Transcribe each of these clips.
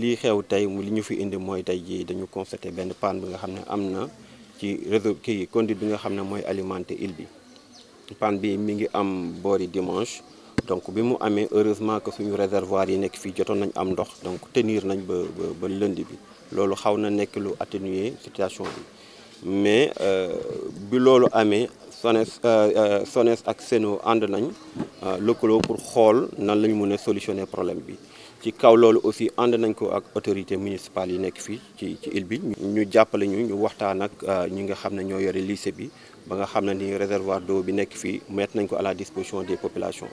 li xew tay li ñu fi indi moy tay ji dañu constater benn panne bi nga xam amna ci réseau kii conduite bi nga xam moy alimenter île bi panne bi mi ngi am boori dimanche donc bi mu amé heureusement que suñu réservoir yi nekk fi jotoon nañ am ndox donc tenir nañ ba ba ba lundi bi lolu xawna na nekk lu atténuer situation bi mais euh, bi loolu amé SONES euh, euh, SONES ak SEN'EAU and nañ lëkkaloo pour xol nan lañ ñu solutionner problème bi ci kaw loolu aussi and nañ ko ak autorité municipale yi nek fi ci ci île bi ñu jàppale ñu ñu waxtaan ak ñi nga xamné ne lycée bi ba nga xamné ni réservoir d'eau bi nek fi met nañ ko à la disposition des populations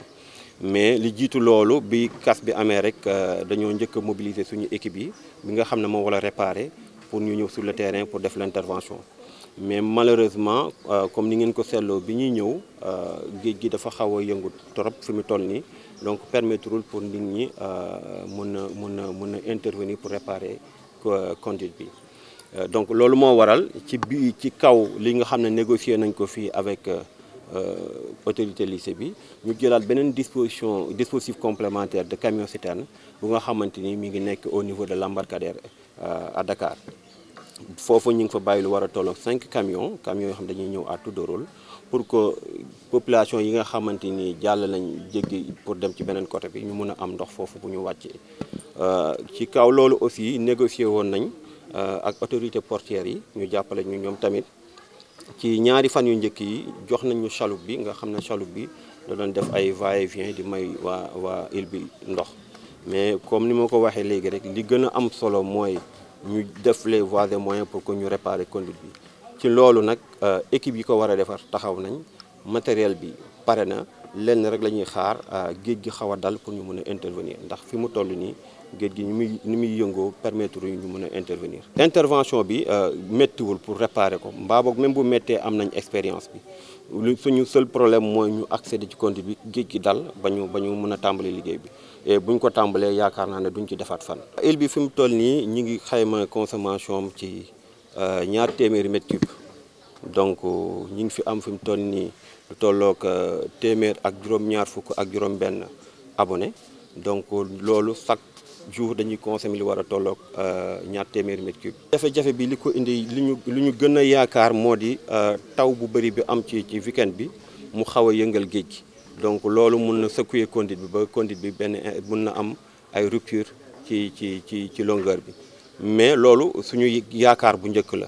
mais li jitu loolu bi cas bi amé rek dañu njëkk mobiliser suñu équipe bi nga xamné mo wala réparer pour ñu ñëw sur le terrain pour def l'intervention mais malheureusement euh, comme ni ngeen ko sello bi ñuy ñëw euh, geej gi dafa xaw a yëngu trop fi mi toll donc permettrul pour nit ñi euh, mën a intervenir pour réparer conduite bi donc lolu mo waral ci bi ci kaw li nga xam négocier nañ ko fi avec autorité lycée bi ñu jëlaat benen disposition dispositif complémentaire de camion citerne bu nga xamanteni mi ngi nekk au niveau de l'embarcadère à Dakar foofu ñu ngi fa bàyyi lu war a tolloog cinq camions camions yoo xam dañuy ñëw à tour de rôle pour que population yi nga xamante ni jàll nañ jéggi pour dem ci beneen côté bi ñu mun a am ndox foofu bu ñu wàccee. Euh, ci kaw loolu aussi négocier woon nañ euh, ak autorité portière yi ñu jàppale ñu ñoom tamit ci ñaari fan yu njëkk yi jox nañ ñu chaloupe bi nga xam ne chaloupe bi da doon def ay va et di may waa waa île bi ndox mais comme ni ma ko waxee léegi rek li gën a am solo mooy. ñu def les voies et moyens pour que ñu réparer conduite bi ci loolu nag euh, équipe yi ko war a defar taxaw nañ matériel bi pare na lenn rek lañuy xaar euh, géej gi xaw a dal pour ñu mën a intervenir ndax fi mu toll nii géej gi ni muy ni muy yëngoo permettre ñu mën a intervenir. intervention bi euh, méttiwul pour réparer ko mbaa boog même bu méttee am nañ expérience bi lu suñu seul problème mooy ñu accéder ci compte bi géej gi dal ba ñu ba ñu mën a tàmbali liggéey bi et buñ ko tàmbalee yaakaar naa ne duñ ci defaat fan. île bi fi mu toll nii ñu ngi xayma consommation am ci euh, ñaar téeméeri mètre cube donc euh, ñu ngi fi am fi mu toll nii lu tolloog euh, téeméer ak juróom-ñaar fukk ak juróom-benn abonné donc euh, loolu chaque jour dañuy consommer li war a ñaar téeméeri mètre cube jafe-jafe bi li ko indi li ñu li ñu gën a yaakaar moo di taw bu bëri bi am ci ci weekend bi mu xaw a yëngal géej donc loolu mun na secouer conduite bi ba conduite bi benn mun na am ay rupture ci ci ci ci longueur bi mais loolu suñu yaakaar bu njëkk la